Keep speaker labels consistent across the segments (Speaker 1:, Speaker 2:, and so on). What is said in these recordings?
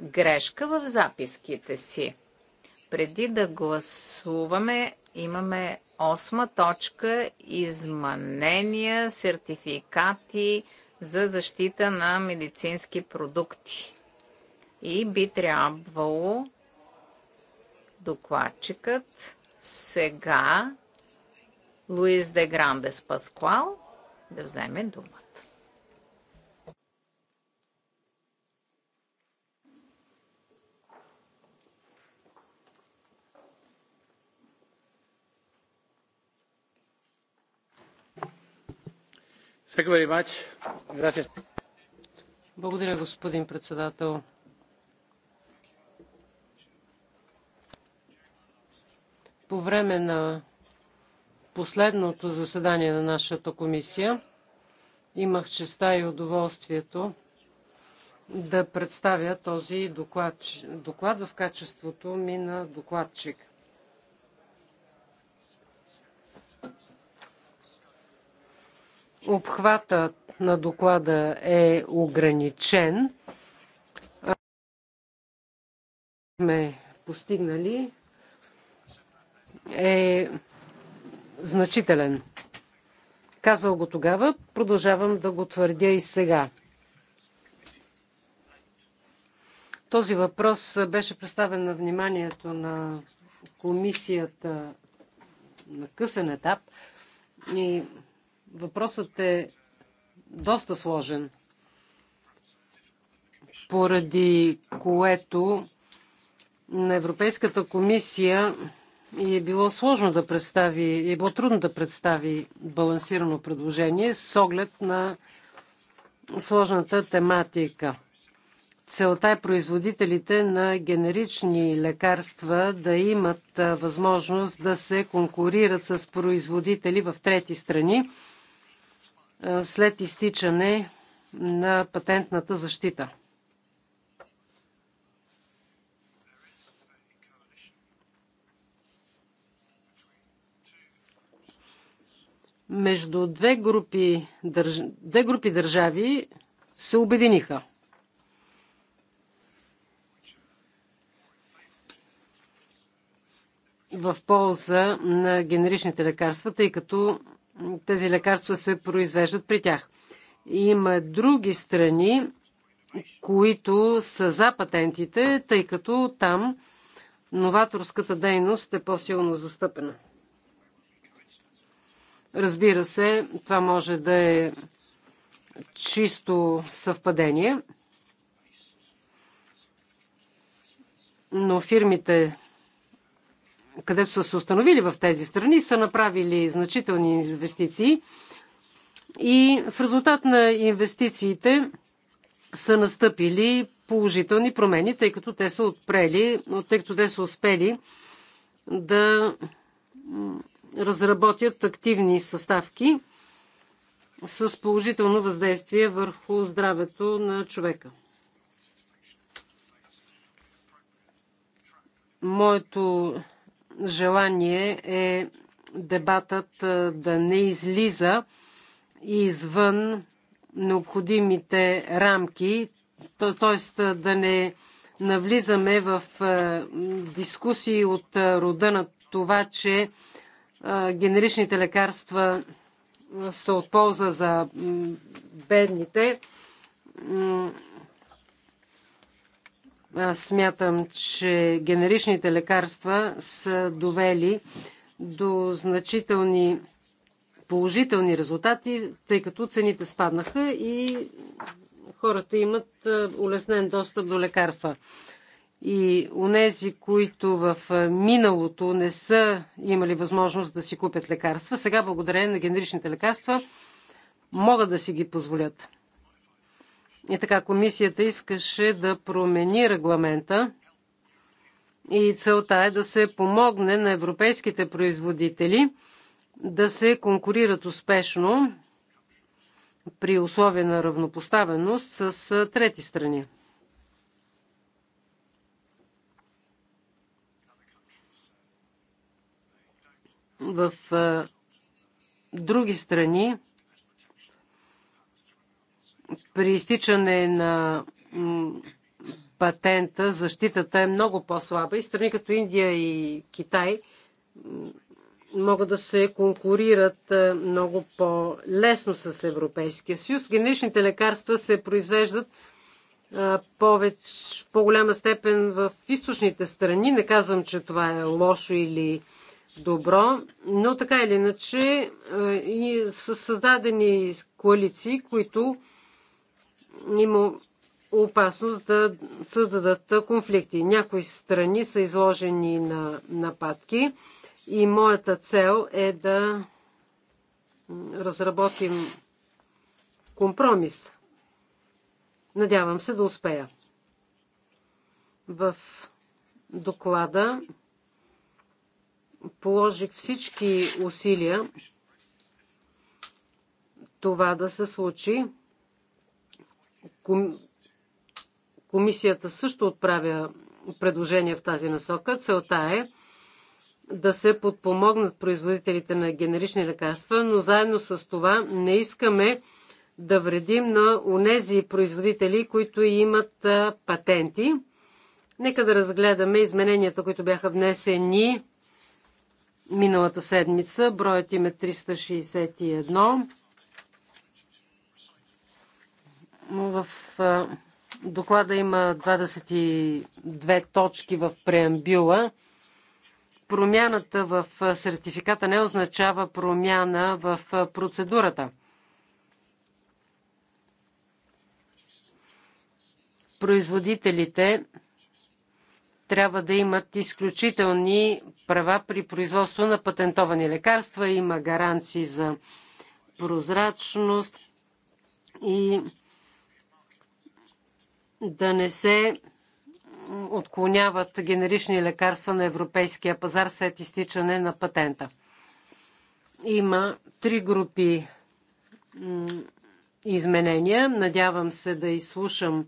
Speaker 1: грешка в записките си. Преди да гласуваме, имаме осма точка изменения, сертификати за защита на медицински продукти. И би трябвало докладчикът сега Луис де Грандес Паскуал да вземе думата.
Speaker 2: Благодаря, господин председател. По време на последното заседание на нашата комисия имах честа и удоволствието да представя този доклад, доклад в качеството ми на докладчик. Обхватът на доклада е ограничен. Сме постигнали е значителен. Казал го тогава, продължавам да го твърдя и сега. Този въпрос беше представен на вниманието на комисията на късен етап и Въпросът е доста сложен, поради което на Европейската комисия и е било сложно да представи, е било трудно да представи балансирано предложение с оглед на сложната тематика. Целта е производителите на генерични лекарства да имат възможност да се конкурират с производители в трети страни е, след изтичане на патентната защита. Между две групи, държ... две групи държави се обединиха. в полза на генеричните лекарства, тъй като тези лекарства се произвеждат при тях. Има други страни, които са за патентите, тъй като там новаторската дейност е по-силно застъпена. Разбира се, това може да е чисто съвпадение, но фирмите където са се установили в тези страни, са направили значителни инвестиции и в резултат на инвестициите са настъпили положителни промени, тъй като те са отпрели, тъй като те са успели да разработят активни съставки с положително въздействие върху здравето на човека. Моето желание е дебатът да не излиза извън необходимите рамки, т.е. да не навлизаме в дискусии от рода на това, че генеричните лекарства са от полза за бедните аз смятам, че генеричните лекарства са довели до значителни положителни резултати, тъй като цените спаднаха и хората имат улеснен достъп до лекарства. И нези, които в миналото не са имали възможност да си купят лекарства, сега благодарение на генеричните лекарства могат да си ги позволят. И така комисията искаше да промени регламента и целта е да се помогне на европейските производители да се конкурират успешно при условия на равнопоставеност с трети страни. В други страни при изтичане на патента защитата е много по-слаба и страни като Индия и Китай могат да се конкурират е, много по-лесно с Европейския съюз. Генеричните лекарства се произвеждат е, повече, в по-голяма степен в източните страни. Не казвам, че това е лошо или добро, но така или иначе е, и са създадени коалиции, които има опасност да създадат конфликти. Някои страни са изложени на нападки и моята цел е да разработим компромис. Надявам се да успея. В доклада положих всички усилия това да се случи. Комисията също отправя предложение в тази насока. Целта е да се подпомогнат производителите на генерични лекарства, но заедно с това не искаме да вредим на онези производители, които имат патенти. Нека да разгледаме измененията, които бяха внесени миналата седмица. Броят им е 361. В доклада има 22 точки в преамбюла. Промяната в сертификата не означава промяна в процедурата. Производителите трябва да имат изключителни права при производство на патентовани лекарства. Има гаранции за прозрачност и да не се отклоняват генерични лекарства на европейския пазар след изтичане на патента. Има три групи изменения. Надявам се да изслушам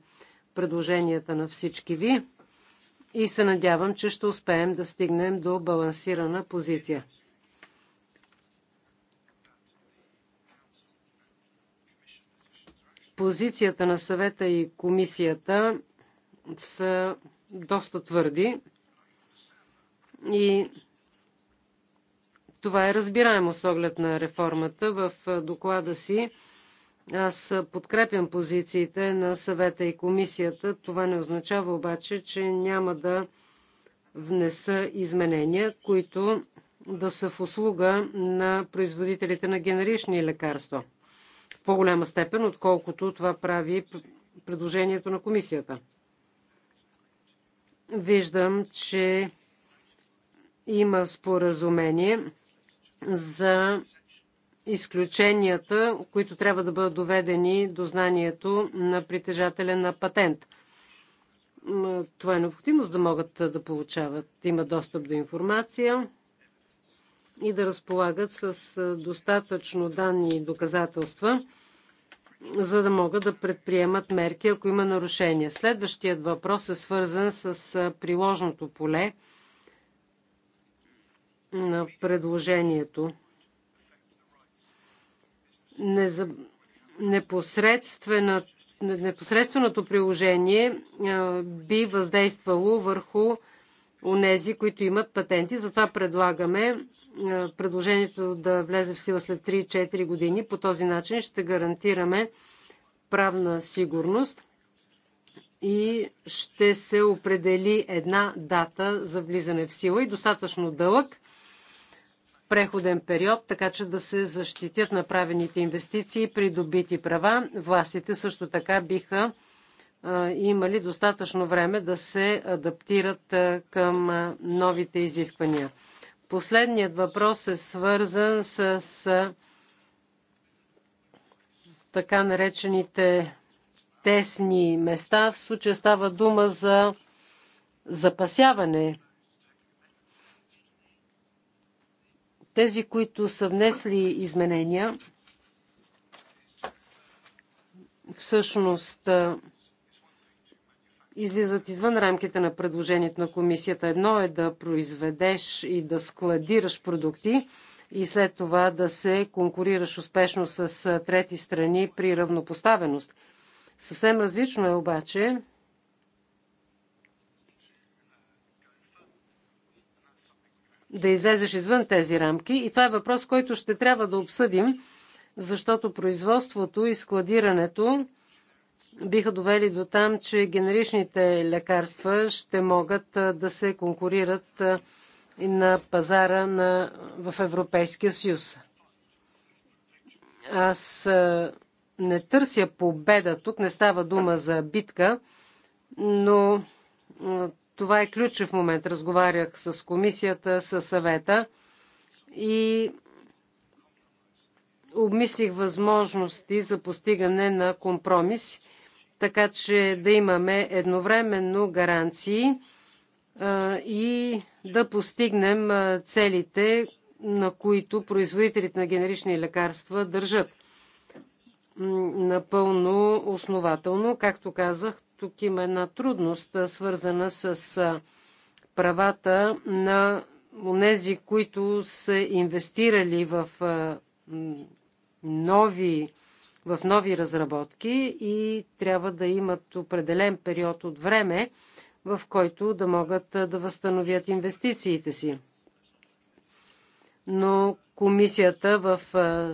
Speaker 2: предложенията на всички ви и се надявам, че ще успеем да стигнем до балансирана позиция. позицията на съвета и комисията са доста твърди и това е разбираемо с оглед на реформата. В доклада си аз подкрепям позициите на съвета и комисията. Това не означава обаче, че няма да внеса изменения, които да са в услуга на производителите на генерични лекарства в по-голяма степен, отколкото това прави предложението на комисията. Виждам, че има споразумение за изключенията, които трябва да бъдат доведени до знанието на притежателя на патент. Това е необходимо, за да могат да получават, да имат достъп до информация и да разполагат с достатъчно данни и доказателства, за да могат да предприемат мерки, ако има нарушения. Следващият въпрос е свързан с приложното поле на предложението. Непосредственото приложение би въздействало върху онези, които имат патенти. Затова предлагаме е, предложението да влезе в сила след 3-4 години. По този начин ще гарантираме правна сигурност и ще се определи една дата за влизане в сила и достатъчно дълъг преходен период, така че да се защитят направените инвестиции и придобити права. Властите също така биха има ли достатъчно време да се адаптират към новите изисквания. Последният въпрос е свързан с така наречените тесни места. В случая става дума за запасяване. Тези, които са внесли изменения, всъщност излизат извън рамките на предложението на комисията. Едно е да произведеш и да складираш продукти и след това да се конкурираш успешно с трети страни при равнопоставеност. Съвсем различно е обаче да излезеш извън тези рамки. И това е въпрос, който ще трябва да обсъдим, защото производството и складирането биха довели до там, че генеричните лекарства ще могат да се конкурират на пазара на, в Европейския съюз. Аз не търся победа, тук не става дума за битка, но това е ключов момент. Разговарях с комисията, с съвета и обмислих възможности за постигане на компромис така че да имаме едновременно гаранции и да постигнем целите, на които производителите на генерични лекарства държат. Напълно основателно, както казах, тук има една трудност, свързана с правата на тези, които са инвестирали в нови в нови разработки и трябва да имат определен период от време, в който да могат да възстановят инвестициите си. Но комисията в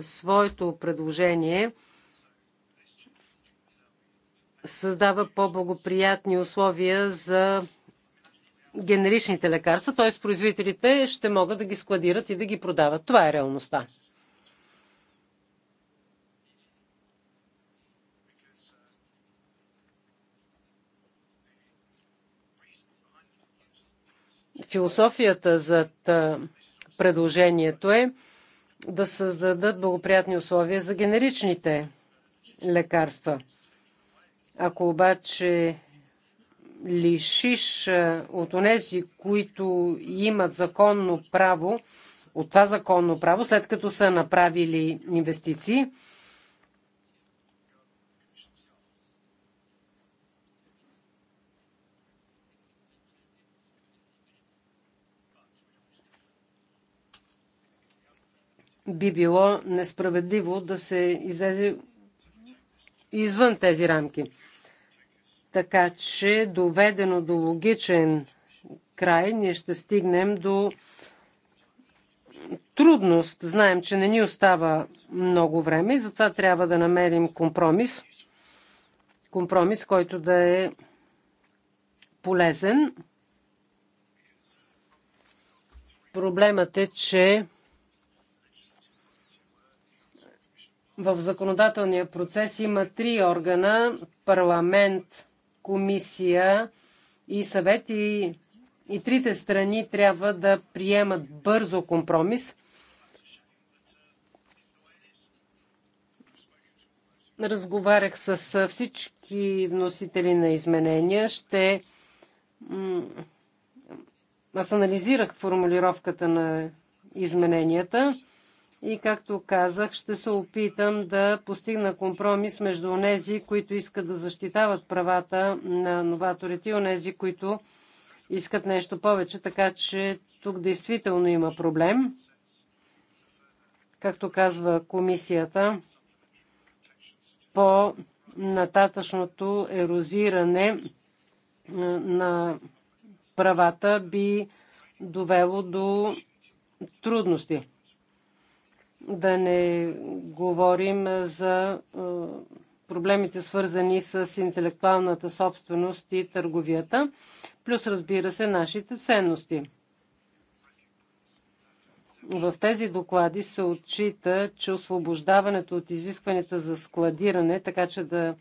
Speaker 2: своето предложение създава по-благоприятни условия за генеричните лекарства, т.е. производителите ще могат да ги складират и да ги продават. Това е реалността. Философията за предложението е да създадат благоприятни условия за генеричните лекарства. Ако обаче лишиш от онези, които имат законно право, от това законно право, след като са направили инвестиции, би било несправедливо да се излезе извън тези рамки. Така че, доведено до логичен край, ние ще стигнем до трудност. Знаем, че не ни остава много време и затова трябва да намерим компромис. Компромис, който да е полезен. Проблемът е, че В законодателния процес има три органа парламент, комисия и съвет и, и трите страни трябва да приемат бързо компромис. Разговарях с всички вносители на изменения. Ще. Аз анализирах формулировката на измененията. И както казах, ще се опитам да постигна компромис между онези, които искат да защитават правата на новаторите и онези, които искат нещо повече, така че тук действително има проблем. Както казва комисията, по нататъчното ерозиране на правата би довело до трудности. Да не говорим за проблемите свързани с интелектуалната собственост и търговията, плюс разбира се нашите ценности. В тези доклади се отчита, че освобождаването от изискванията за складиране, така че да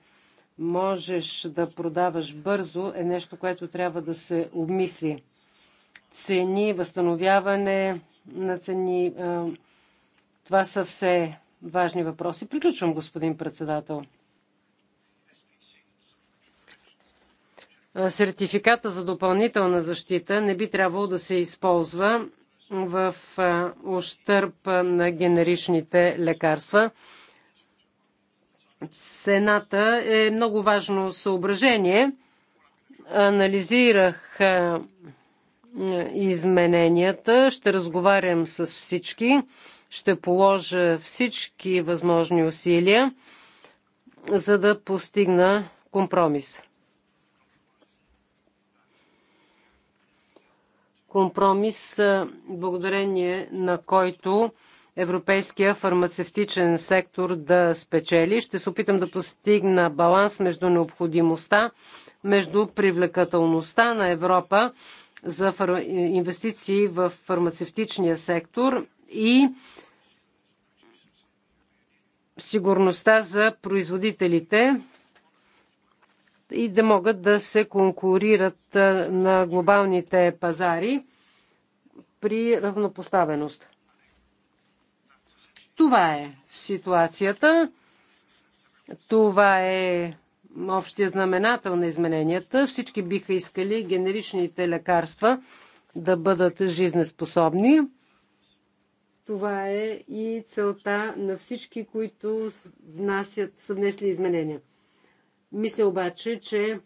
Speaker 2: можеш да продаваш бързо, е нещо, което трябва да се обмисли. Цени, възстановяване на цени, това са все важни въпроси. Приключвам, господин председател. Сертификата за допълнителна защита не би трябвало да се използва в ущърп на генеричните лекарства. Цената е много важно съображение. Анализирах измененията, ще разговарям с всички. Ще положа всички възможни усилия, за да постигна компромис. Компромис, благодарение на който европейския фармацевтичен сектор да спечели. Ще се опитам да постигна баланс между необходимостта, между привлекателността на Европа за инвестиции в фармацевтичния сектор и сигурността за производителите и да могат да се конкурират на глобалните пазари при равнопоставеност. Това е ситуацията. Това е общия знаменател на измененията. Всички биха искали генеричните лекарства да бъдат жизнеспособни. Това е и целта на всички, които внасят, са внесли изменения. Мисля обаче, че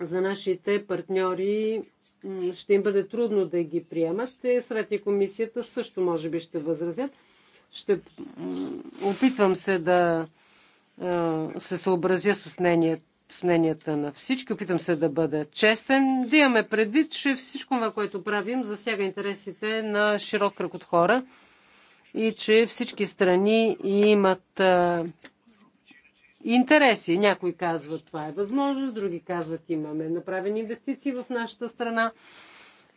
Speaker 2: за нашите партньори ще им бъде трудно да ги приемат. Съвет и комисията също може би ще възразят. Ще опитвам се да се съобразя с мнението с мненията на всички. Опитам се да бъда честен, да имаме предвид, че всичко това, което правим, засяга интересите на широк кръг от хора и че всички страни имат а, интереси. Някои казват това е възможност, други казват имаме направени инвестиции в нашата страна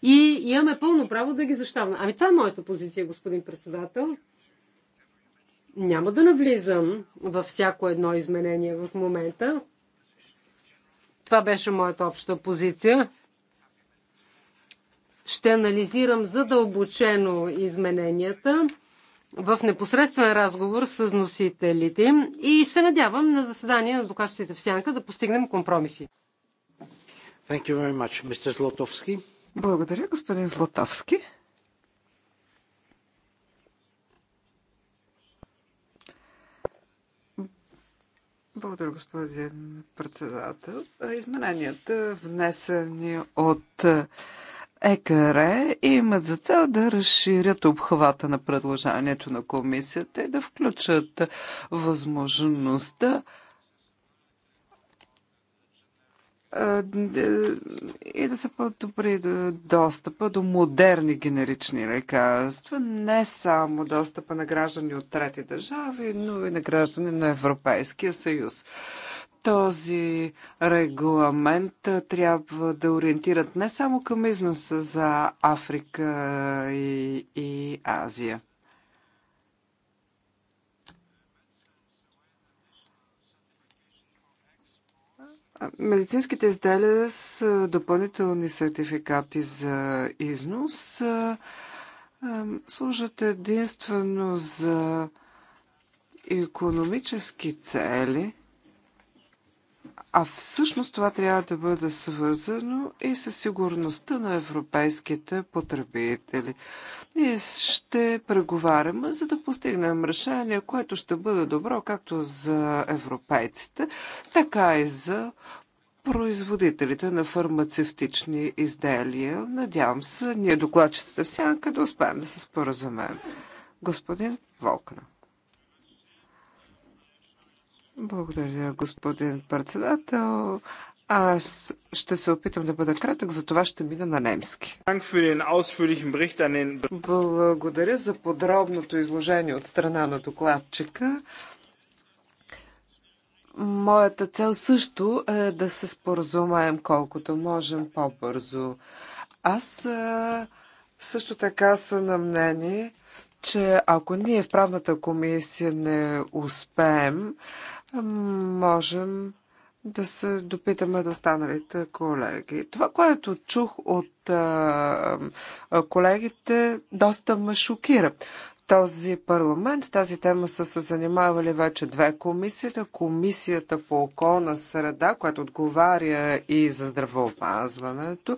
Speaker 2: и имаме пълно право да ги защитаваме. Ами това е моята позиция, господин председател. Няма да навлизам във всяко едно изменение в момента. Това беше моята обща позиция. Ще анализирам задълбочено измененията в непосредствен разговор с носителите и се надявам на заседание на докачците в Сянка да постигнем компромиси.
Speaker 3: Thank you very much, Mr. Zlotowski. Благодаря, господин Златовски. Благодаря, господин председател. Измененията, внесени от ЕКР, имат за цел да разширят обхвата на предложението на комисията и да включат възможността Е, и да се подобри достъпа до модерни генерични лекарства, не само достъпа на граждани от трети държави, но и на граждани на Европейския съюз. Този регламент трябва да ориентират не само към износа за Африка и, и Азия. Медицинските изделия с допълнителни сертификати за износ служат единствено за економически цели, а всъщност това трябва да бъде свързано и със сигурността на европейските потребители. Ние ще преговаряме, за да постигнем решение, което ще бъде добро както за европейците, така и за производителите на фармацевтични изделия. Надявам се, ние докладчиците в сянка да успеем да се споразумеем. Господин Волкна. Благодаря, господин председател. Аз ще се опитам да бъда кратък, за това ще мина на немски. Благодаря за подробното изложение от страна на докладчика. Моята цел също е да се споразумаем колкото можем по-бързо. Аз е, също така съм на мнение, че ако ние в правната комисия не успеем, можем да се допитаме до останалите колеги. Това, което чух от а, колегите, доста ме шокира този парламент с тази тема са се занимавали вече две комисии. Комисията по околна среда, която отговаря и за здравеопазването.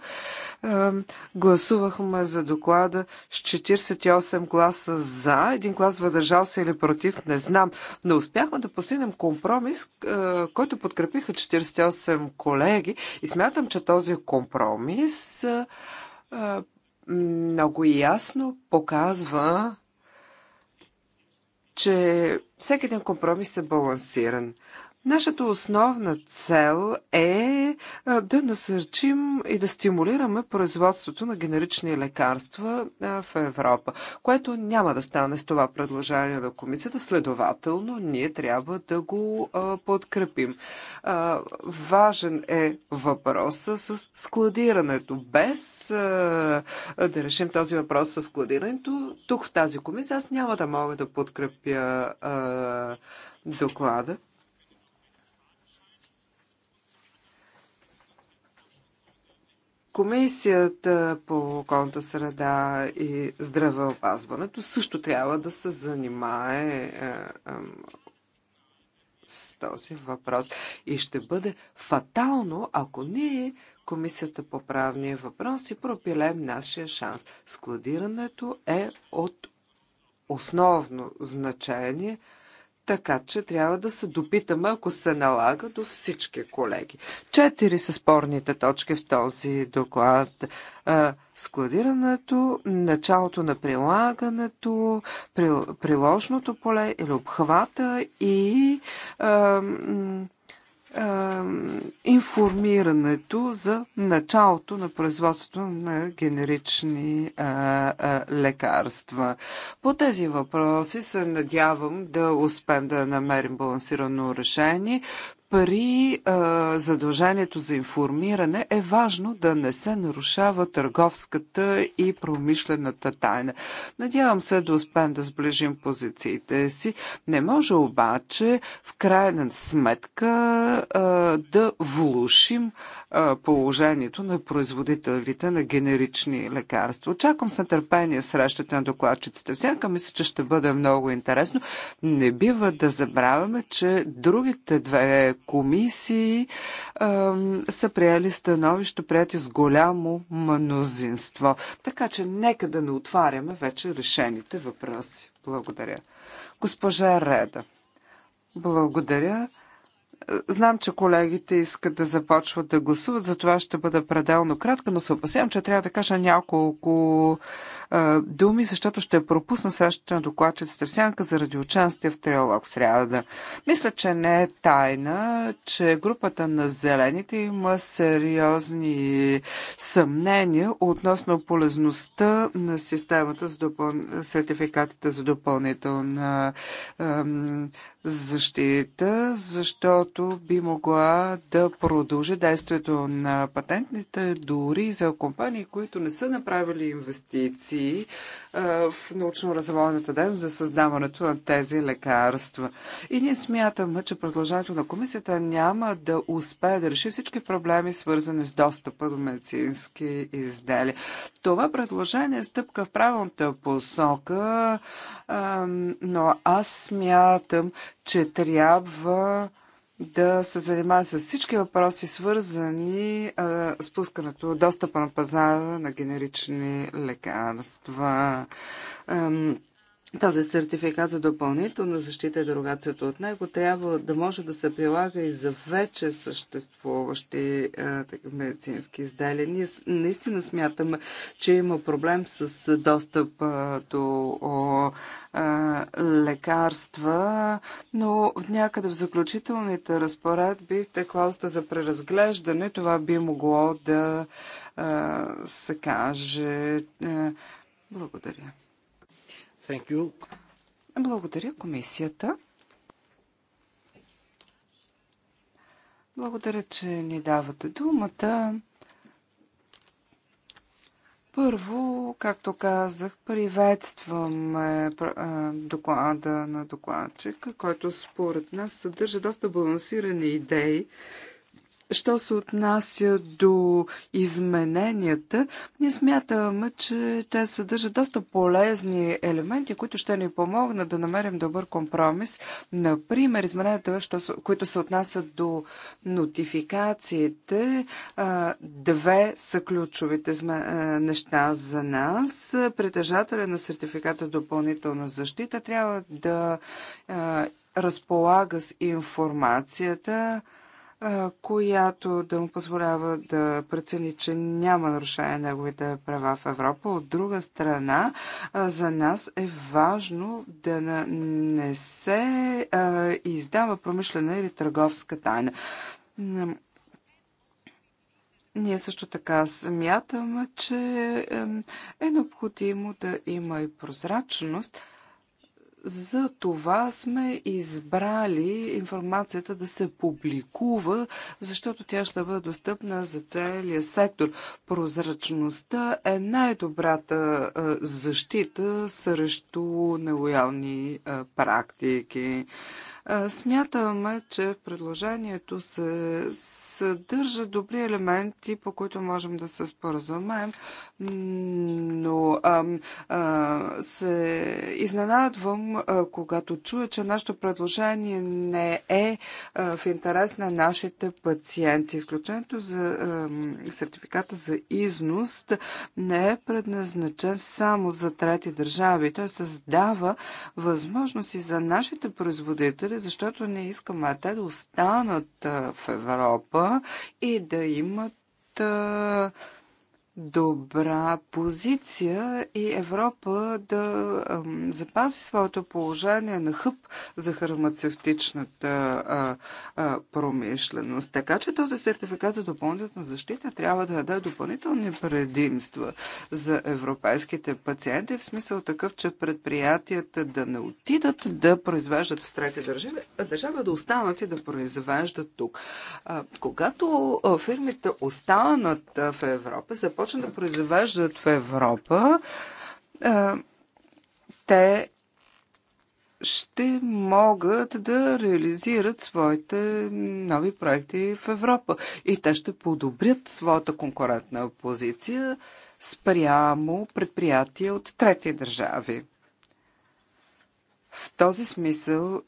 Speaker 3: Гласувахме за доклада с 48 гласа за, един глас въдържал се или против, не знам. Но успяхме да постигнем компромис, е, който подкрепиха 48 колеги и смятам, че този компромис е, е, много ясно показва че всеки един компромис е балансиран. Нашата основна цел е да насърчим и да стимулираме производството на генерични лекарства в Европа, което няма да стане с това предложение на комисията. Следователно, ние трябва да го подкрепим. Важен е въпроса с складирането. Без да решим този въпрос с складирането, тук в тази комисия аз няма да мога да подкрепя доклада. Комисията по околната среда и здравеопазването също трябва да се занимае е, е, с този въпрос. И ще бъде фатално, ако ние, Комисията по правни въпроси, пропилем нашия шанс. Складирането е от основно значение – така че трябва да се допитаме, ако се налага, до всички колеги. Четири са спорните точки в този доклад. Складирането, началото на прилагането, приложното поле или обхвата и информирането за началото на производството на генерични а, а, лекарства. По тези въпроси се надявам да успеем да намерим балансирано решение при а, задължението за информиране е важно да не се нарушава търговската и промишлената тайна. Надявам се да успеем да сближим позициите си. Не може обаче в крайна сметка а, да влушим положението на производителите на генерични лекарства. Очаквам с нетърпение срещата на докладчиците. Всяка мисля, че ще бъде много интересно. Не бива да забравяме, че другите две комисии а, са приели становище, прияти с голямо мнозинство. Така че нека да не отваряме вече решените въпроси. Благодаря. Госпожа Реда. Благодаря. Знам, че колегите искат да започват да гласуват, затова ще бъда пределно кратка, но се опасявам, че трябва да кажа няколко е, думи, защото ще пропусна срещата на докладчицата в сянка заради участие в триалог в сряда. Мисля, че не е тайна, че групата на зелените има сериозни съмнения относно полезността на системата за допъл... сертификатите за допълнителна е, защита, защото защото би могла да продължи действието на патентните дори за компании, които не са направили инвестиции в научно разводната дейност за създаването на тези лекарства. И ние смятаме, че продължението на комисията няма да успее да реши всички проблеми, свързани с достъпа до медицински изделия. Това предложение е стъпка в правилната посока, но аз смятам, че трябва да се занимава с всички въпроси, свързани а, с пускането, достъпа на пазара на генерични лекарства. Този сертификат за допълнителна защита и дерогацията от него трябва да може да се прилага и за вече съществуващи е, а, медицински изделия. Ние наистина смятаме, че има проблем с достъп а, е, до о, а, е, лекарства, но някъде в заключителните разпоредби, клаузата за преразглеждане, това би могло да а, се каже. А, благодаря. Благодаря комисията. Благодаря, че ни давате думата. Първо, както казах, приветствам доклада на докладчика, който според нас съдържа доста балансирани идеи Що се отнася до измененията, ние смятаме, че те съдържат доста полезни елементи, които ще ни помогнат да намерим добър компромис. Например, измененията, които се отнасят до нотификациите, две са ключовите неща за нас. Притежателя на сертификат за допълнителна защита трябва да разполага с информацията, която да му позволява да прецени, че няма нарушение на неговите права в Европа. От друга страна, за нас е важно да не се издава промишлена или търговска тайна. Ние също така смятаме, че е необходимо да има и прозрачност за това сме избрали информацията да се публикува, защото тя ще бъде достъпна за целия сектор. Прозрачността е най-добрата защита срещу нелоялни практики. Смятаме, че в предложението се съдържа добри елементи, по които можем да се споразумеем, но а, а, се изненадвам, а, когато чуя, че нашето предложение не е а, в интерес на нашите пациенти. Изключението за а, сертификата за износ не е предназначен само за трети държави. Той създава възможности за нашите производители бъде, защото не искаме те да останат в Европа и да имат добра позиция и Европа да ам, запази своето положение на хъп за фармацевтичната а, а, промишленост. Така че този сертификат за допълнителна защита трябва да даде допълнителни предимства за европейските пациенти, в смисъл такъв, че предприятията да не отидат да произвеждат в трети държави, а държава да останат и да произвеждат тук. А, когато фирмите останат в Европа, започват започна да произвеждат в Европа, те ще могат да реализират своите нови проекти в Европа. И те ще подобрят своята конкурентна позиция спрямо предприятия от трети държави. В този смисъл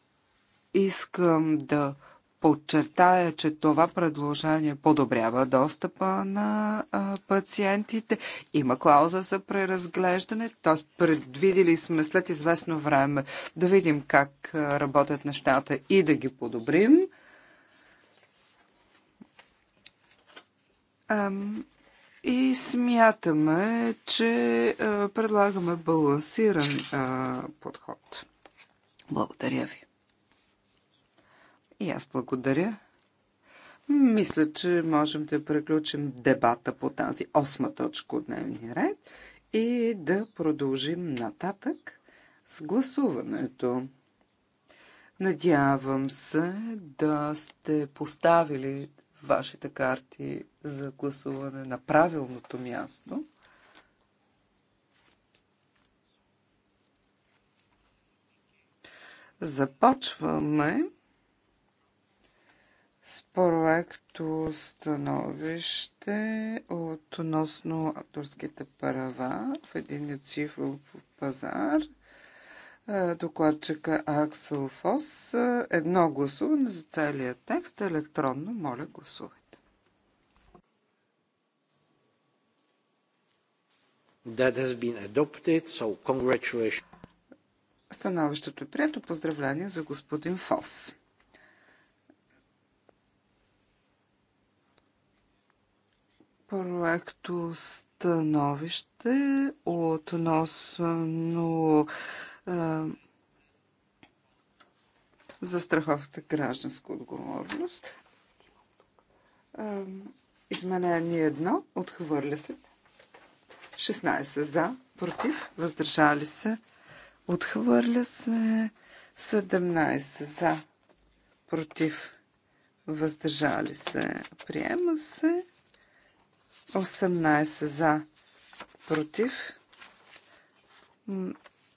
Speaker 3: искам да подчертая, че това предложение подобрява достъпа на а, пациентите. Има клауза за преразглеждане, т.е. предвидили сме след известно време да видим как работят нещата и да ги подобрим. Ам... И смятаме, че предлагаме балансиран а, подход. Благодаря ви. И аз благодаря. Мисля, че можем да приключим дебата по тази осма точка от дневния ред и да продължим нататък с гласуването. Надявам се да сте поставили вашите карти за гласуване на правилното място. Започваме с проекто становище относно авторските права в един цифров пазар. Докладчика Аксел Фос. Едно гласуване за целият текст. Електронно, моля, гласувайте. That has been adopted, so congratulations. Становището е прието. Поздравление за господин Фос. проекто становище относно а, застраховката гражданска отговорност. изменение едно, отхвърля се. 16 за, против, въздържали се. Отхвърля се 17 за, против, въздържали се. Приема се 18 за, против.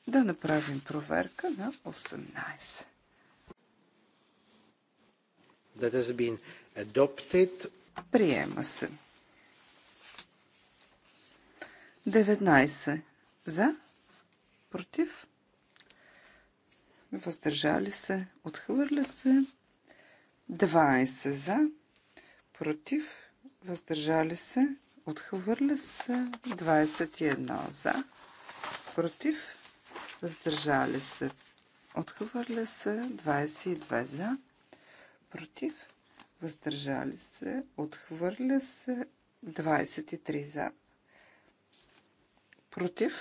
Speaker 3: Да направим проверка на 18. That has been adopted. Приема се. 19 за, против, въздържали се, отхвърля се. 20 за, против, въздържали се, Отхвърля се 21 за. Против. Въздържали се. Отхвърля се 22 за. Против. Въздържали се. Отхвърля се 23 за. Против.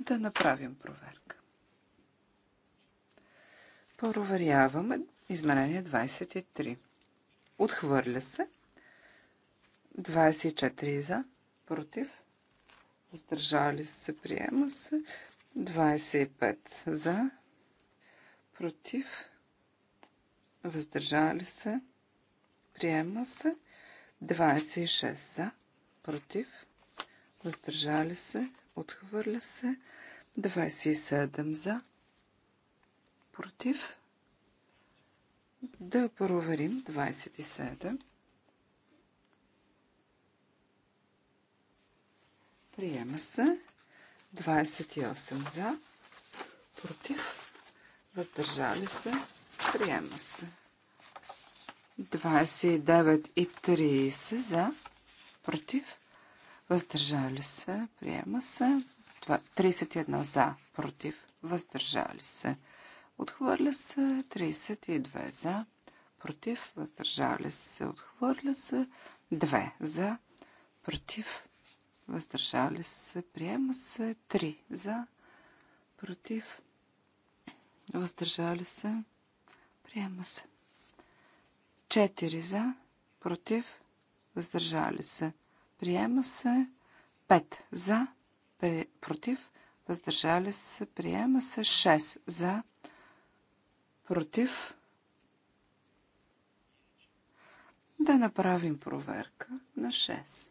Speaker 3: Да направим проверка. Проверяваме изменение 23. Отхвърля се 24 за, против, въздържали се, приема се. 25 за, против, въздържали се, приема се. 26 за, против, въздържали се, отхвърля се. 27 за, против. Да проверим 27. Приема се. 28 за. Против. Въздържали се. Приема се. 29 и 30 за. Против. Въздържали се. Приема се. 31 за. Против. Въздържали се. Отхвърля се. 32 за. Против. Въздържали се. Отхвърля се. 2 за. Против въздържали се, приема се 3 за, против, въздържали се, приема се 4 за, против, въздържали се, приема се 5 за, против, въздържали се, приема се 6 за, против, да направим проверка на 6.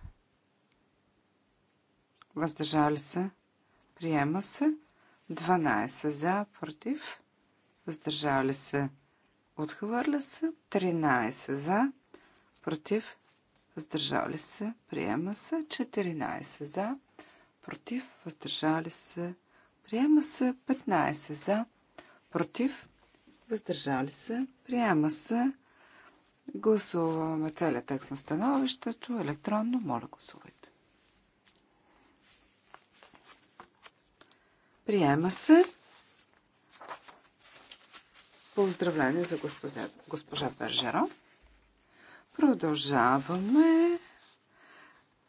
Speaker 3: въздържали се, приема се. 12 за, против, въздържали се, отхвърля се. 13 за, против, въздържали се, приема се. 14 за, против, въздържали се, приема се. 15 за, против, въздържали се, приема се. Гласуваме целият текст на становището електронно. Моля, гласувайте. Приема се. Поздравление за госпожа, госпожа Бержеро. Продължаваме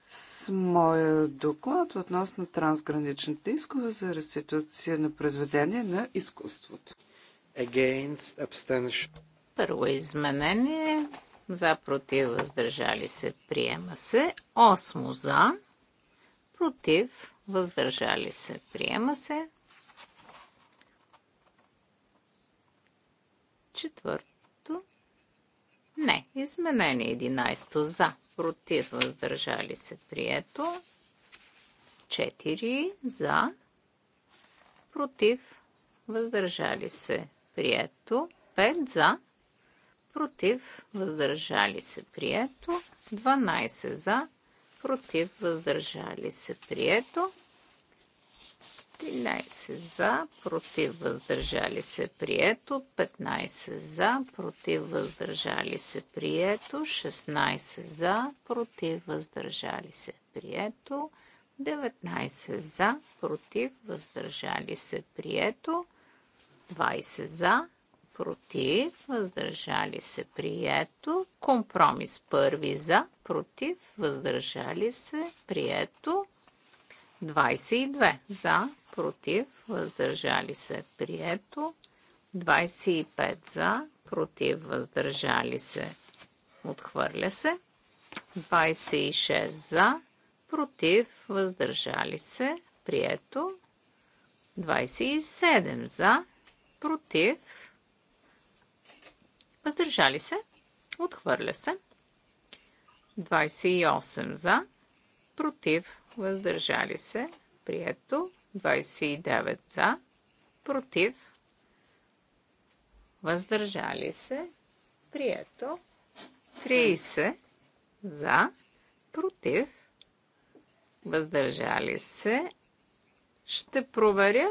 Speaker 3: с моя доклад относно трансграничните искове за реституция на произведение на изкуството. Against abstention. Първо изменение за против въздържали
Speaker 1: се приема се. Осмо за против въздържали се, приема се. Четвърто. Не, изменение 11 за, против, въздържали се, прието. 4 за, против, въздържали се, прието. 5 за, против, въздържали се, прието. 12 за, против, въздържали се, прието. 13 за, против, въздържали се, прието. 15 за, против, въздържали се, прието. 16 за, против, въздържали се, прието. 19 за, против, въздържали се, прието. 20 за, против, въздържали се, прието. Компромис първи за, против, въздържали се, прието. 22 за, против, въздържали се, прието. 25 за, против, въздържали се, отхвърля се. 26 за, против, въздържали се, прието. 27 за, против, Въздържали се. Отхвърля се. 28 за. Против. Въздържали се. Прието. 29 за. Против. Въздържали се. Прието. 30 за. Против. Въздържали се. Ще проверя.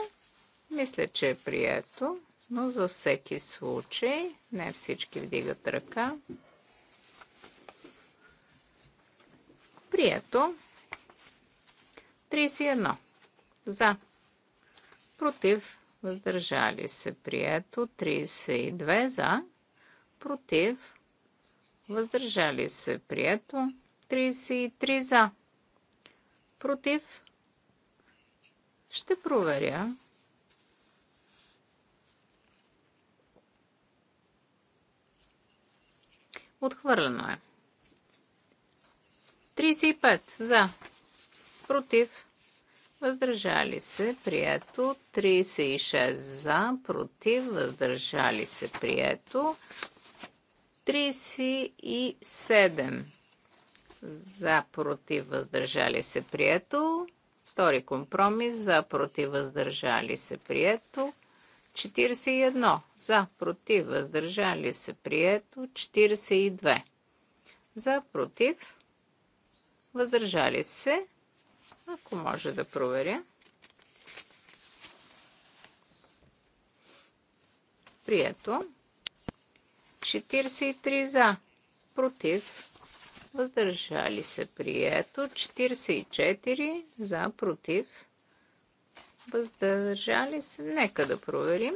Speaker 1: Мисля, че е прието но за всеки случай не всички вдигат ръка. Прието. 31. За. Против. Въздържали се. Прието. 32. За. Против. Въздържали се. Прието. 33. За. Против. Ще проверя. Отхвърлено е. 35 за. Против. Въздържали се. Прието. 36 за. Против. Въздържали се. Прието. 37 за. Против. Въздържали се. Прието. Втори компромис за. Против. Въздържали се. Прието. 41 за, против, въздържали се, прието. 42 за, против, въздържали се. Ако може да проверя. Прието. 43 за, против, въздържали се, прието. 44 за, против, Въздържали се? Нека да проверим.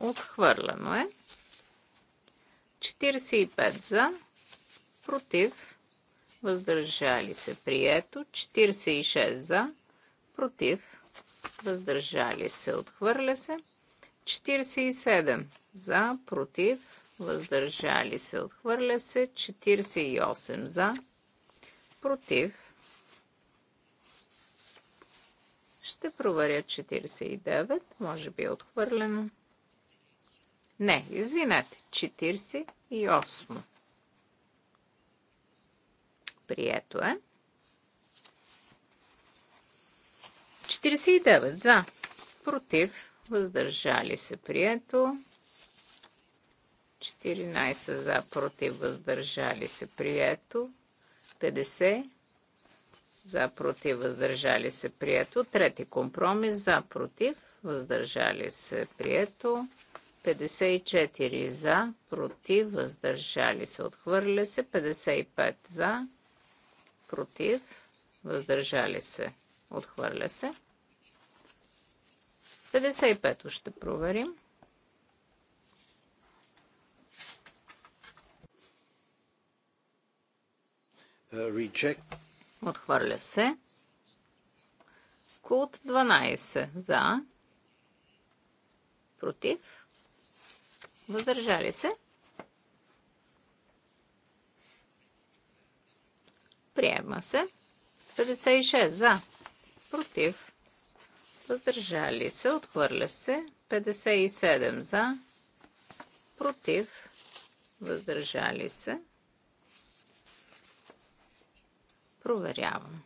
Speaker 1: Отхвърлено е. 45 за, против, въздържали се, прието. 46 за, против, въздържали се, отхвърля се. 47 за, против, въздържали се, отхвърля се. 48 за, против. Ще проверя 49, може би е отхвърлено. Не, извинете, 48. Прието е. 49 за, против, въздържали се, прието. 14 за, против, въздържали се, прието. 50 за против въздържали се прието. Трети компромис за против въздържали се прието. 54 за против въздържали се отхвърля се. 55 за против въздържали се отхвърля се. 55 ще проверим. Е, Отхвърля се. Култ 12 за. Против. Въздържали се. Приема се. 56 за. Против. Въздържали се. Отхвърля се. 57 за. Против. Въздържали се. Проверявам.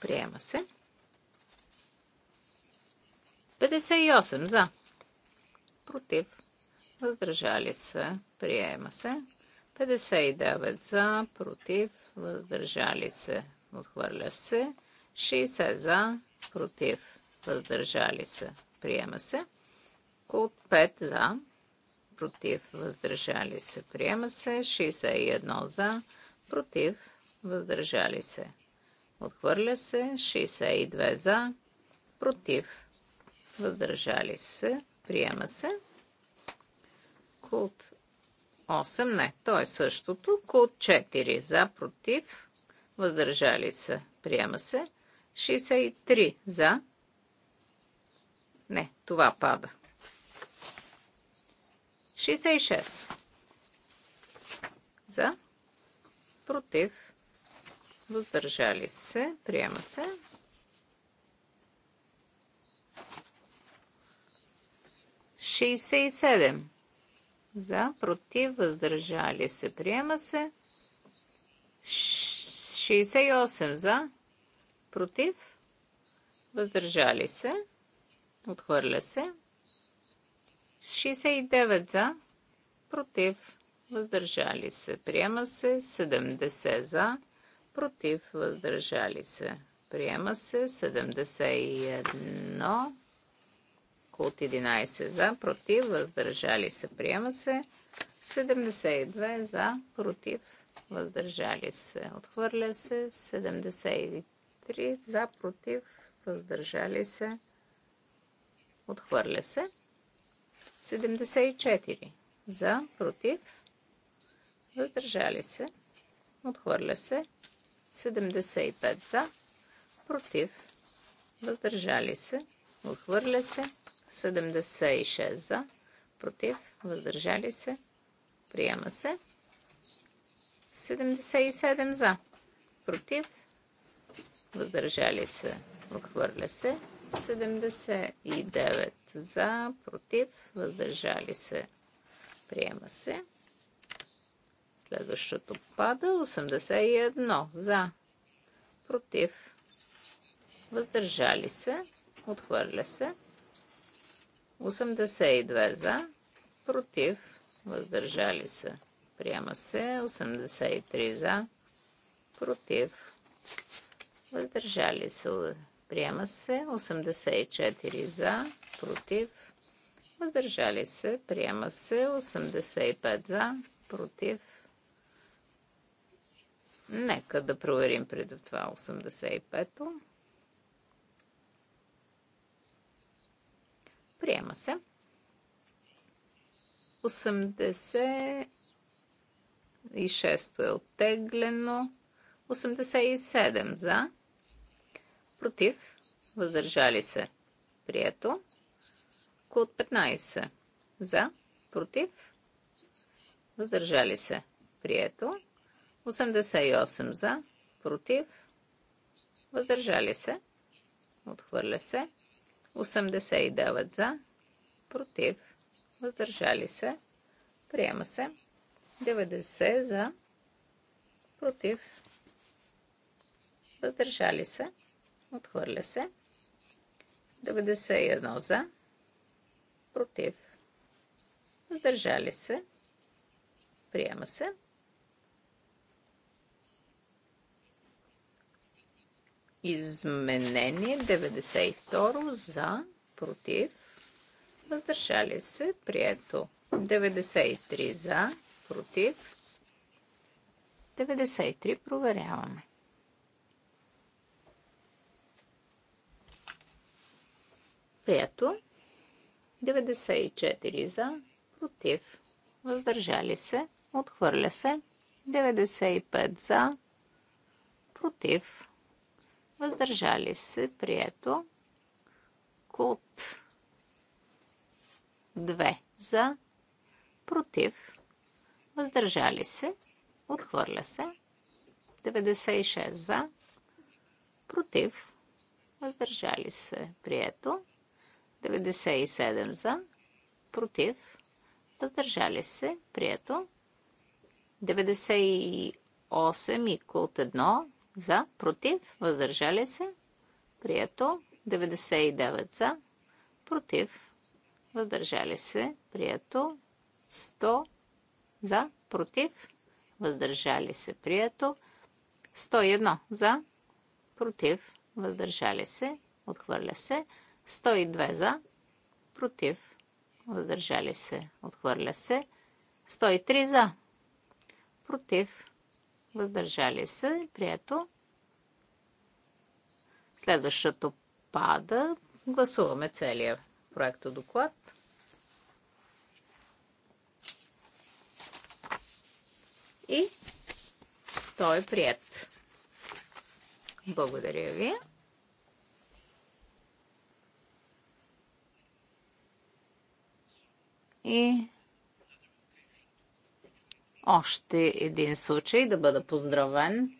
Speaker 1: Приема се. 58 за. Против. Въздържали се. Приема се. 59 за. Против. Въздържали се. Отхвърля се. 60 за. Против. Въздържали се. Приема се. От 5 за, против, въздържали се, приема се. 61 за, против, въздържали се. Отхвърля се. 62 за, против, въздържали се, приема се. Култ 8 не, то е същото. Култ 4 за, против, въздържали се, приема се. 63 за. Не, това пада. 66. За. Против. Въздържали се. Приема се. 67. За, против, въздържали се. Приема се. 68 за, против, въздържали се. Отхвърля се. 69 за, против, въздържали се. Приема се 70 за, против, въздържали се. Приема се 71 от 11 за, против, въздържали се. Приема се 72 за, против, въздържали се. Отхвърля се 73 за, против, въздържали се. Отхвърля се. 74 за, против, въздържали се, отхвърля се. 75 за, против, въздържали се, отхвърля се. 76 за, против, въздържали се, приема се. 77 за, против, въздържали се, отхвърля се. 79 за, против, въздържали се, приема се. Следващото пада 81 за, против, въздържали се, отхвърля се. 82 за, против, въздържали се, приема се. 83 за, против, въздържали се, Приема се 84 за, против, въздържали се. Приема се 85 за, против. Нека да проверим преди това 85-то. Приема се. 86-то е оттеглено. 87 за, против, въздържали се, прието. Код 15 за, против, въздържали се, прието. 88 за, против, въздържали се, отхвърля се. 89 за, против, въздържали се, приема се. 90 за, против, въздържали се. Отхвърля се. 91 за. Против. Въздържали се. Приема се. Изменение 92 за. Против. Въздържали се. Прието. 93 за. Против. 93 проверяваме. Прието. 94 за, против, въздържали се, отхвърля се. 95 за, против, въздържали се, прието. Код 2 за, против, въздържали се, отхвърля се. 96 за, против, въздържали се, прието. 97 за, против, въздържали се, прието. 98 и култ 1 за, против, въздържали се, прието. 99 за, против, въздържали се, прието. 100 за, против, въздържали се, прието. 101 за, против, въздържали се, отхвърля се. 102 за, против, въздържали се, отхвърля се. 103 за, против, въздържали се, прието. Следващото пада. Гласуваме целия проекто доклад. И той е прият. Благодаря ви. И още един случай да бъда поздравен.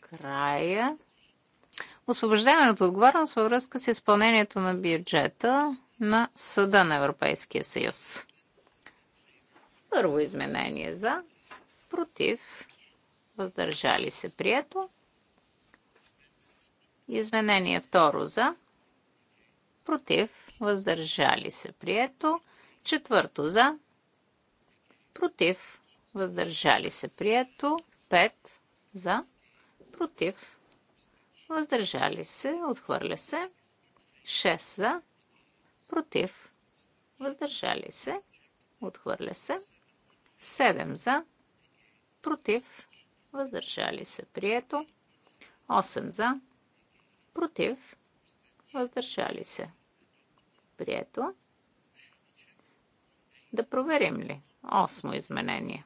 Speaker 1: Края. Освобождаване от отговорност във връзка с изпълнението на бюджета на Съда на Европейския съюз. Първо изменение за, против, въздържали се прието. Изменение второ за, против, въздържали се прието. Четвърто за. Против. Въздържали се. Прието. Пет за. Против. Въздържали се. Отхвърля се. 6 за. Против. Въздържали се. Отхвърля се. 7 за. Против. Въздържали се. Прието. 8 за. Против. Въздържали се. Прието. Да проверим ли? Осмо изменение.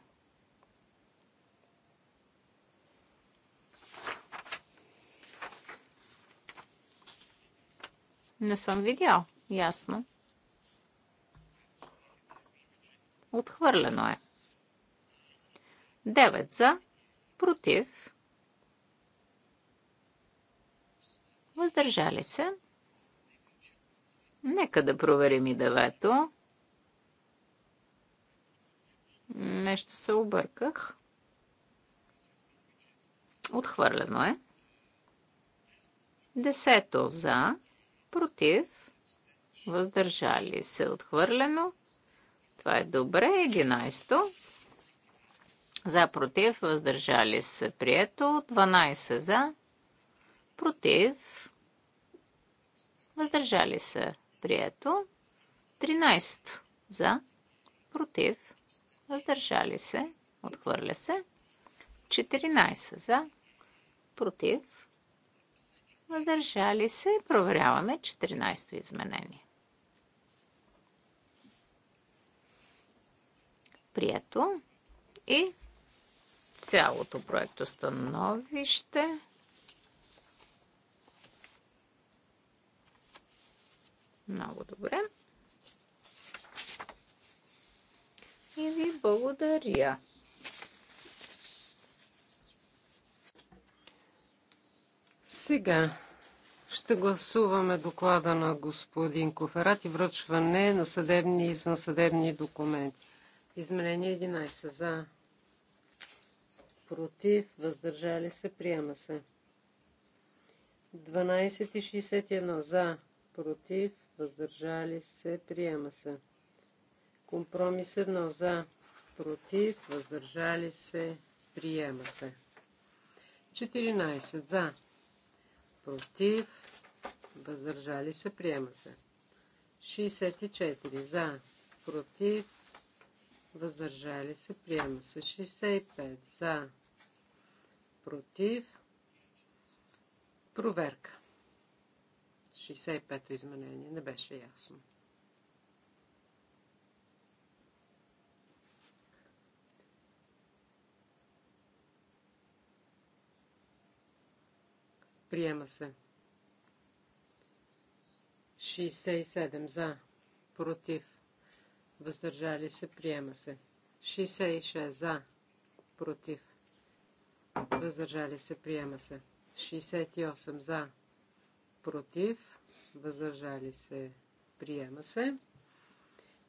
Speaker 1: Не съм видял. Ясно. Отхвърлено е. 9 за, против, въздържали се. Нека да проверим и девето. Нещо се обърках. Отхвърлено е. Десето за, против, въздържали се, отхвърлено. Това е добре. Единайсто. За, против, въздържали се, прието. 12 за, против, въздържали се, прието. 13 за, против, въздържали се, отхвърля се. 14 за, против, въздържали се. Проверяваме 14-то изменение. Прието. И цялото проекто становище. Много добре. и ви благодаря.
Speaker 2: Сега ще гласуваме доклада на господин Коферат и връчване на съдебни и съдебни документи. Изменение 11 за против, въздържали се, приема се. 12,61 за, против, въздържали се, приема се. Компромис 1 за, против, въздържали се, приема се. 14 за, против, въздържали се, приема се. 64 за, против, въздържали се, приема се. 65 за, против, проверка. 65-то изменение не беше ясно. Приема се. 67 за. Против. Въздържали се. Приема се. 66 за. Против. Въздържали се. Приема се. 68 за. Против. Въздържали се. Приема се.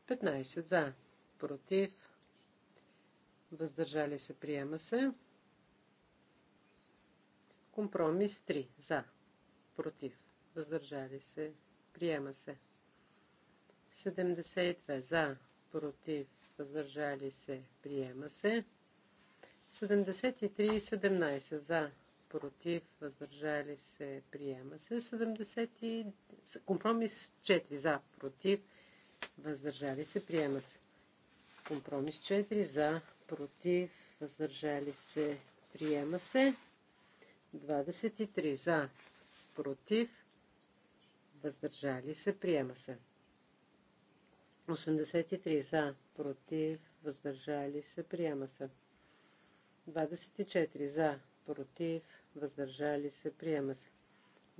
Speaker 2: 15 за. Против. Въздържали се. Приема се. Компромис 3. За. Против. Въздържали се. Приема се. 72. За. Против. Въздържали се. Приема се. 73 и 17. За. Против. Въздържали се. Приема се. 70... Компромис 4. За. Против. Въздържали се. Приема се. Компромис 4. За. Против. Въздържали се. Приема се. 23 за, против, въздържали се, приема се. 83 за, против, въздържали се, приема се. 24 за, против, въздържали се, приема се.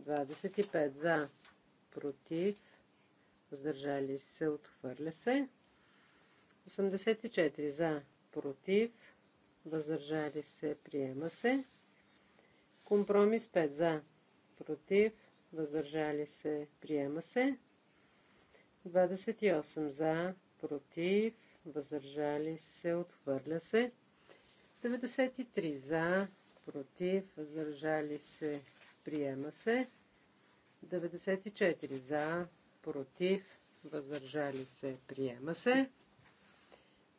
Speaker 2: 25 за, против, въздържали се, отхвърля се. 84 за, против, въздържали се, приема се. Компромис 5 за, против, въздържали се, приема се. 28 за, против, въздържали се, отхвърля се. 93 за, против, въздържали се, приема се. 94 за, против, въздържали се, приема се.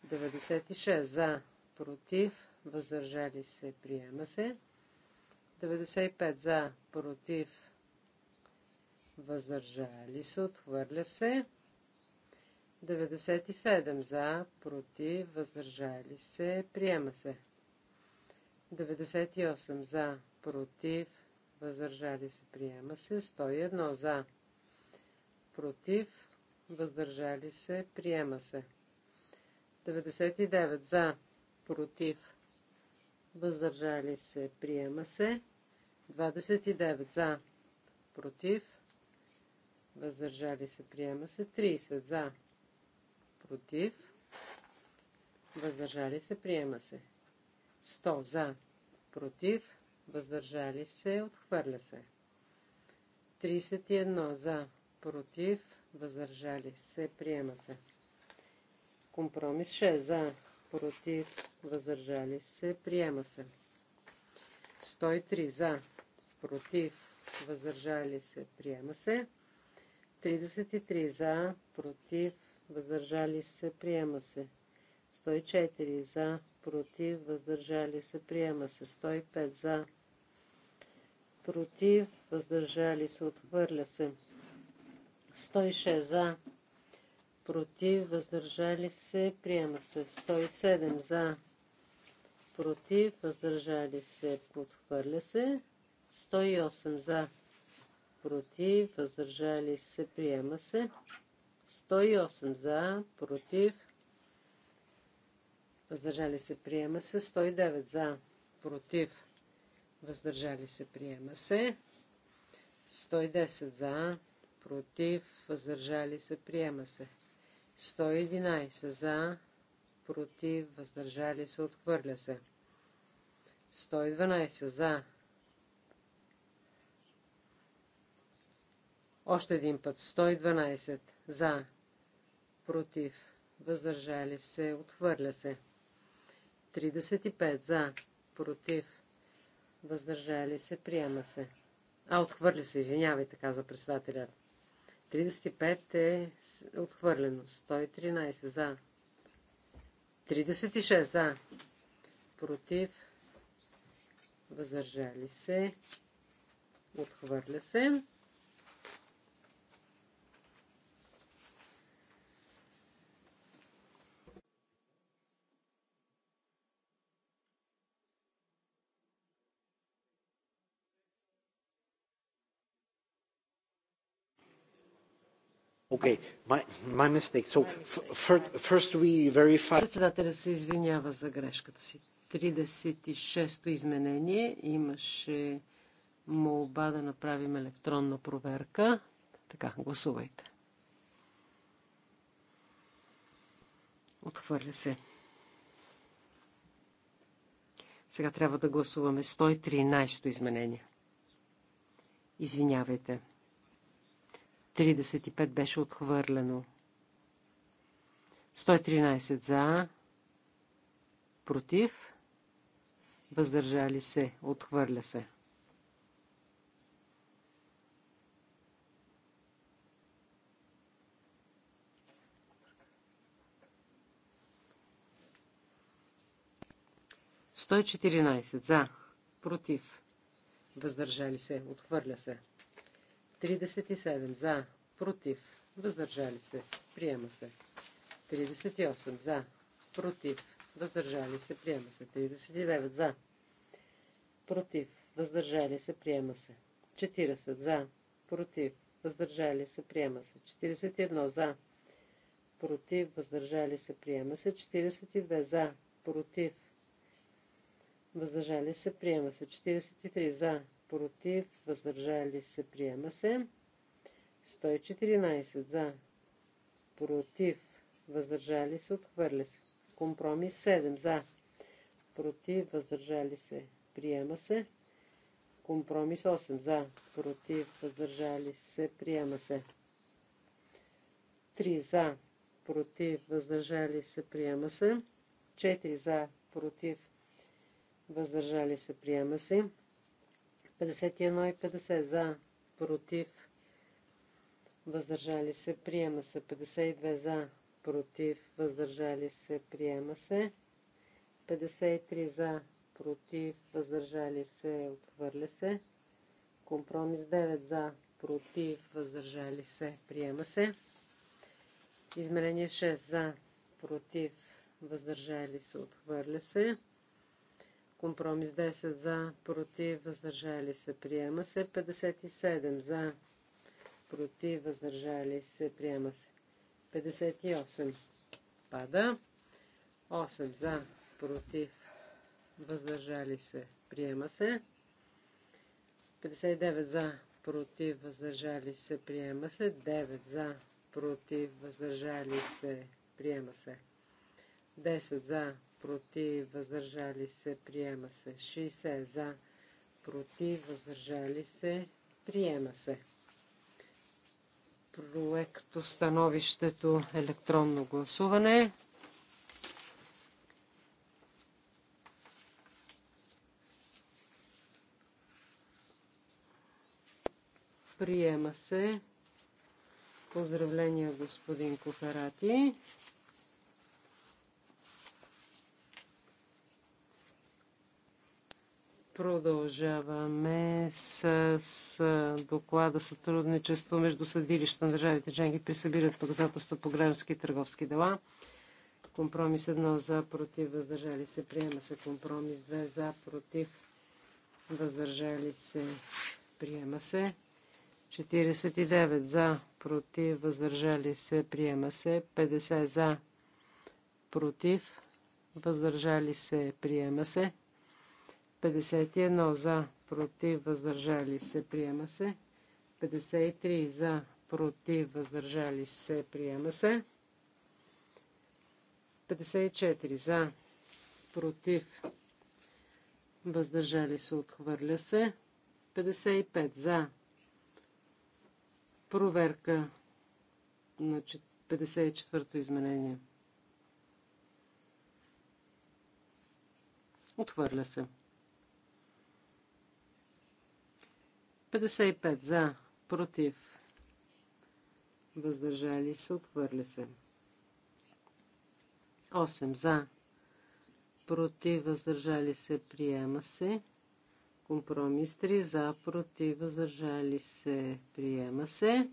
Speaker 2: 96 за, против, въздържали се, приема се. 95 за, против, въздържали се, отхвърля се. 97 за, против, въздържали се, приема се. 98 за, против, въздържали се, приема се. 101 за, против, въздържали се, приема се. 99 за, против, въздържали се, приема се. 29 за, против, въздържали се, приема се. 30 за, против, въздържали се, приема се. 100 за, против, въздържали се, отхвърля се. 31 за, против, въздържали се, приема се. Компромис 6 за, против, въздържали се, приема се. 103 за, против, въздържали се, приема се. 33 за, против, въздържали се, приема се. 104 за, против, въздържали се, приема се. 105 за, против, въздържали се, отхвърля се. 106 за, против, въздържали се, приема се. 107 за, против, въздържали се, подхвърля се. 108 за, против, въздържали се, приема се. 108 за, против, въздържали се, приема се. 109 за, против, въздържали се, приема се. 110 за, против, въздържали се, приема се. 111 за, против, въздържали се, отхвърля се. 112 за. Още един път. 112 за, против, въздържали се, отхвърля се. 35 за, против, въздържали се, приема се. А, отхвърля се, извинявайте, каза председателят. 35 е отхвърлено. 113 за. 36 за. Против. Въздържали се. Отхвърля се. Okay, my, my mistake. So first, first we verify... Председателя се извинява за грешката си. 36-то изменение имаше молба да направим електронна проверка. Така, гласувайте. Отхвърля се. Сега трябва да гласуваме 113-то изменение. Извинявайте. 113 35 беше отхвърлено. 113 за, против, въздържали се, отхвърля се. Сто за, против, въздържали се, отхвърля се. 37 за, против, въздържали се, приема се. 38 за, против, въздържали се, приема се. 39 за, против, въздържали се, приема се. 40 за, против, въздържали се, приема се. 41 за, против, въздържали се, приема се. 42 за, против, въздържали се, приема се. 43 за, против, въздържали се, приема се. 114 за, против, въздържали се, отхвърля се. Компромис 7 за, против, въздържали се, приема се. Компромис 8 за, против, въздържали се, приема се. 3 за, против, въздържали се, приема се. 4 за, против, въздържали се, приема се. 51 и 50 за, против, въздържали се, приема се. 52 за, против, въздържали се, приема се. 53 за, против, въздържали се, отхвърля се. Компромис 9 за, против, въздържали се, приема се. Измерение 6 за, против, въздържали се, отхвърля се. Компромис 10 за, против, въздържали се, приема се. 57 за, против, въздържали се, приема се. 58 пада. 8 за, против, въздържали се, приема се. 59 за, против, въздържали се, приема се. 9 за, против, въздържали се, приема се. 10 за, против, въздържали се, приема се. 60 за, против, въздържали се, приема се. Проекто становището електронно гласуване. Приема се. Поздравления, господин Коферати. Продължаваме с, с доклада сътрудничество между съдилища на държавите членки при събират показателства по граждански и търговски дела. Компромис 1 за, против, въздържали се. Приема се компромис 2 за, против, въздържали се. Приема се. 49 за, против, въздържали се. Приема се. 50 за, против, въздържали се. Приема се. 51 за, против, въздържали се, приема се. 53 за, против, въздържали се, приема се. 54 за, против, въздържали се, отхвърля се. 55 за, проверка на 54-то изменение. Отхвърля се. 55 за, против, въздържали се, отхвърля се. 8 за, против, въздържали се, приема се. Компромис 3 за, против, въздържали се, приема се.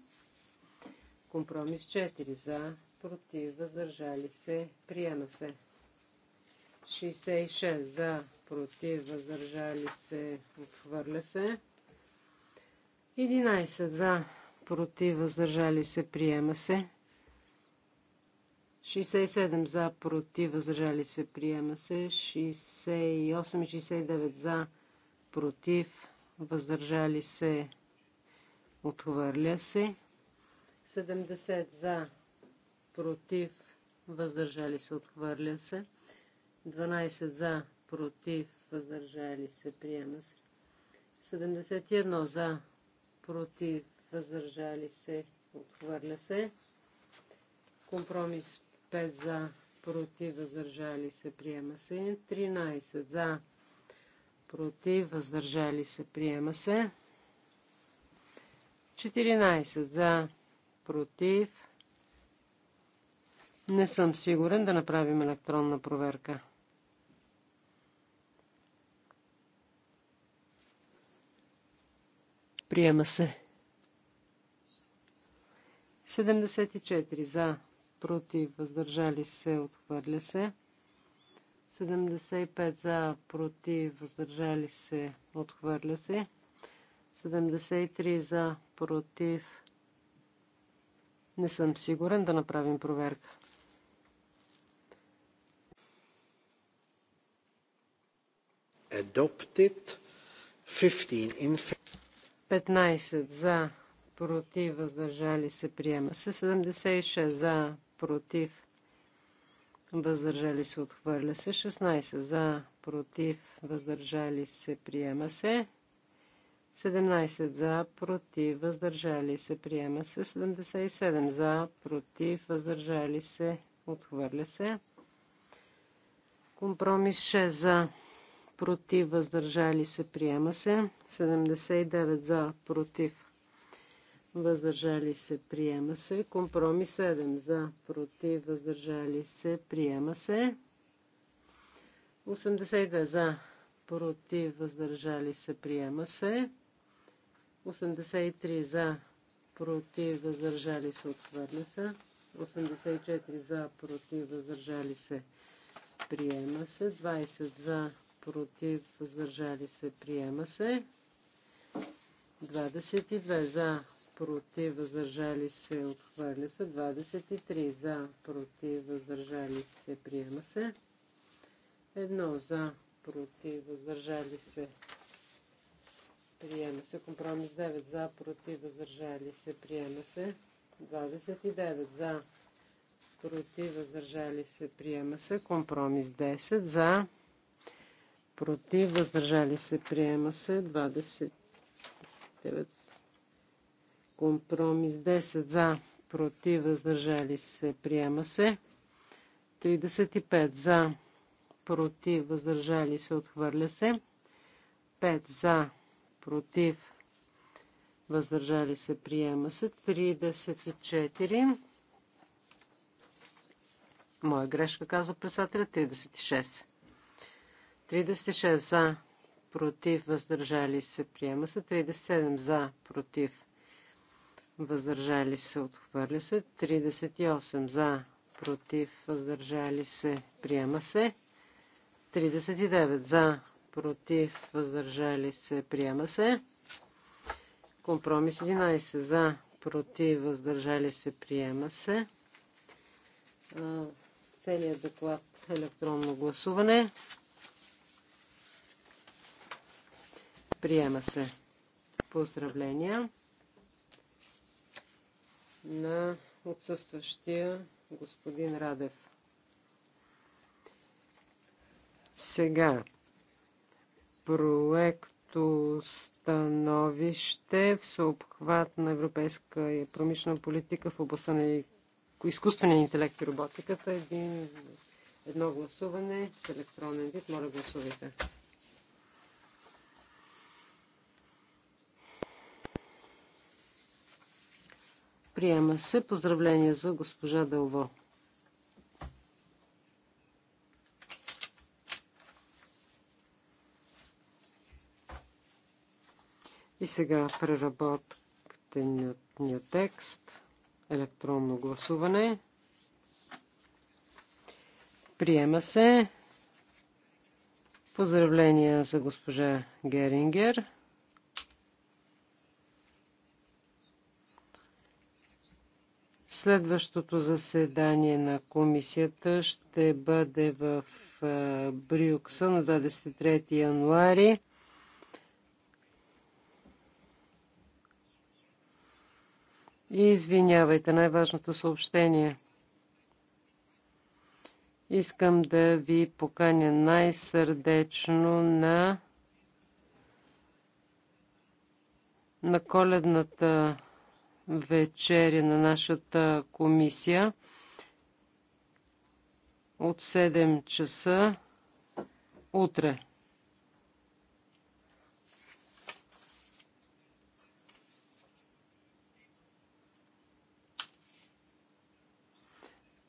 Speaker 2: Компромис 4 за, против, въздържали се, приема се. 66 за, против, въздържали се, отхвърля се. 11 за, против, въздържали се, приема се. 67 за, против, въздържали се, приема се. 68 и 69 за, против, въздържали се, отхвърля се. 70 за, против, въздържали се, отхвърля се. 12 за, против, въздържали се, приема се. 71 за, против, въздържали се, отхвърля се. Компромис 5 за, против, въздържали се, приема се. 13 за, против, въздържали се, приема се. 14 за, против. Не съм сигурен да направим електронна проверка. Приема се. 74 за, против, въздържали се, отхвърля се. 75 за, против, въздържали се, отхвърля се. 73 за, против. Не съм сигурен да направим проверка. Adopted 15 in 15 за, против, въздържали се, приема се. 76 за, против, въздържали се, отхвърля се. 16 за, против, въздържали се, приема се. 17 за, против, въздържали се, приема се. 77 за, против, въздържали се, отхвърля се. Компромис 6 за, против, въздържали се, приема се. 79 за, против, въздържали се, приема се. Компромис 7 за, против, въздържали се, приема се. 82 за, против, въздържали се, приема се. 83 за, против, въздържали се, отхвърля се. 84 за, против, въздържали се, приема се. 20 за, против, въздържали се, приема се. 22 за, против, въздържали се, отхвърля се. 23 за, против, въздържали се, приема се. 1 за, против, въздържали се, приема се. Компромис 9 за, против, въздържали се, приема се. 29 за, против, въздържали се, приема се. Компромис 10 за, против, въздържали се, приема се. 29 компромис, 10 за, против, въздържали се, приема се. 35 за, против, въздържали се, отхвърля се. 5 за, против, въздържали се, приема се. 34. Моя грешка, казва председателя. 36. 36 за, против, въздържали се, приема се. 37 за, против, въздържали се, отхвърля се. 38 за, против, въздържали се, приема се. 39 за, против, въздържали се, приема се. Компромис 11 за, против, въздържали се, приема се. Целият доклад електронно гласуване. Приема се. Поздравления на отсъстващия господин Радев. Сега проекто становище всеобхват на европейска и промишлена политика в областта на изкуствения интелект и роботиката. Един, едно гласуване в електронен вид. Моля гласувайте. Приема се. поздравления за госпожа Дълво. И сега преработкания текст. Електронно гласуване. Приема се. Поздравления за госпожа Герингер. Следващото заседание на комисията ще бъде в Брюксел на 23 януари. И извинявайте, най-важното съобщение. Искам да ви поканя най-сърдечно на на коледната вечеря на нашата комисия от 7 часа утре.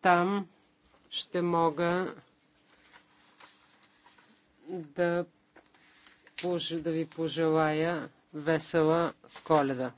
Speaker 2: Там ще мога да, да ви пожелая весела коледа.